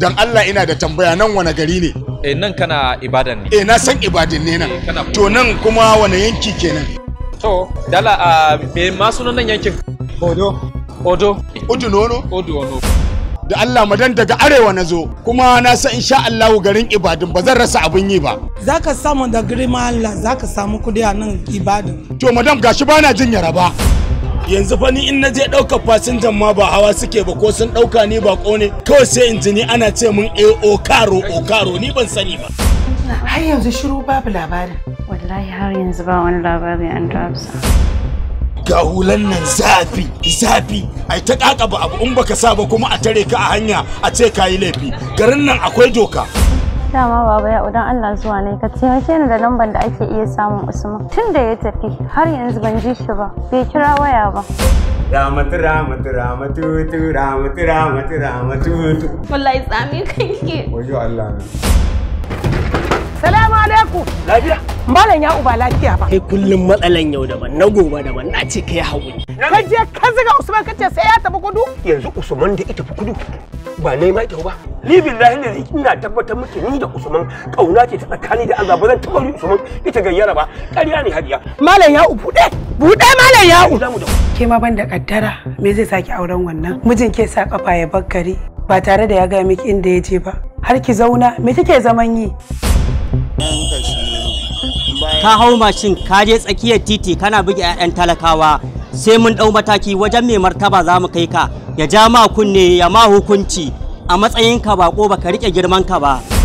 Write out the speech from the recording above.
dan Allah ina da tambaya nan wani gari ne eh nan kana ibadan ne eh na san ibadan ne nan eh, to nan kuma wani yanki kenan to dala a me ma sunan nan yankin odo odo odo nono odo nono da Allah madan daga arewa na zo kuma na san insha Allahu garin Ibadin ba zan rasa abin yi ba zaka samu da girma Allah zaka samu kudi a nan Ibadin to madam gashi bana jin yaraba yanzu fa ni in na je ɗaukar fasinjan ma ba hawa suke ba ko sun ɗauka ni ba ne kawai sai in ana ce min eh, o karo o karo ni ban sani ba har yanzu shiru babu labarin wallahi har yanzu ba wani labari an dabsa ga hulan nan zafi zafi ai ta ba abu in baka sa ba kuma a tare ka a hanya a ce kayi laifi garin nan akwai doka dama baba ya udan Allah zuwa ne ka ke ni da lambar da ake iya samun Usman tun da ya tafi har yanzu ban ji shi ba bai kira waya ba Ramatu ramatu ramatu tu ramatu ramatu ramatu tu wallahi tsami kake wajo Allah ne Salamu alaikum lafiya Malam ya uba lafiya ba. Kai kullum matsalan yau daban na gobe daban na ce kai haƙuri. Ka je ka ziga Usman ce sai ya tafi kudu? Yanzu Usman da ita tafi kudu ba ne ma ita ba. ni billahi ina tabbatar miki ni da Usman kauna ce ta tsakani da Allah ba zan ni Usman ita gayyara ba ƙarya ne hadiya malam ya buɗe buɗe malam ya'u. ke ma ban da ƙaddara me zai saki auren wannan mijin ke sa kafa ya bakkari ba tare da ya ga miki inda ya je ba har ki zauna me kike zaman yi ka hau mashin ka je tsakiyar titi kana buge 'ya'yan talakawa sai mun ɗau mataki wajen mai martaba za mu kai ka ya ja ma kunne ya ma hukunci a matsayin ka ko baka rike girman ka ba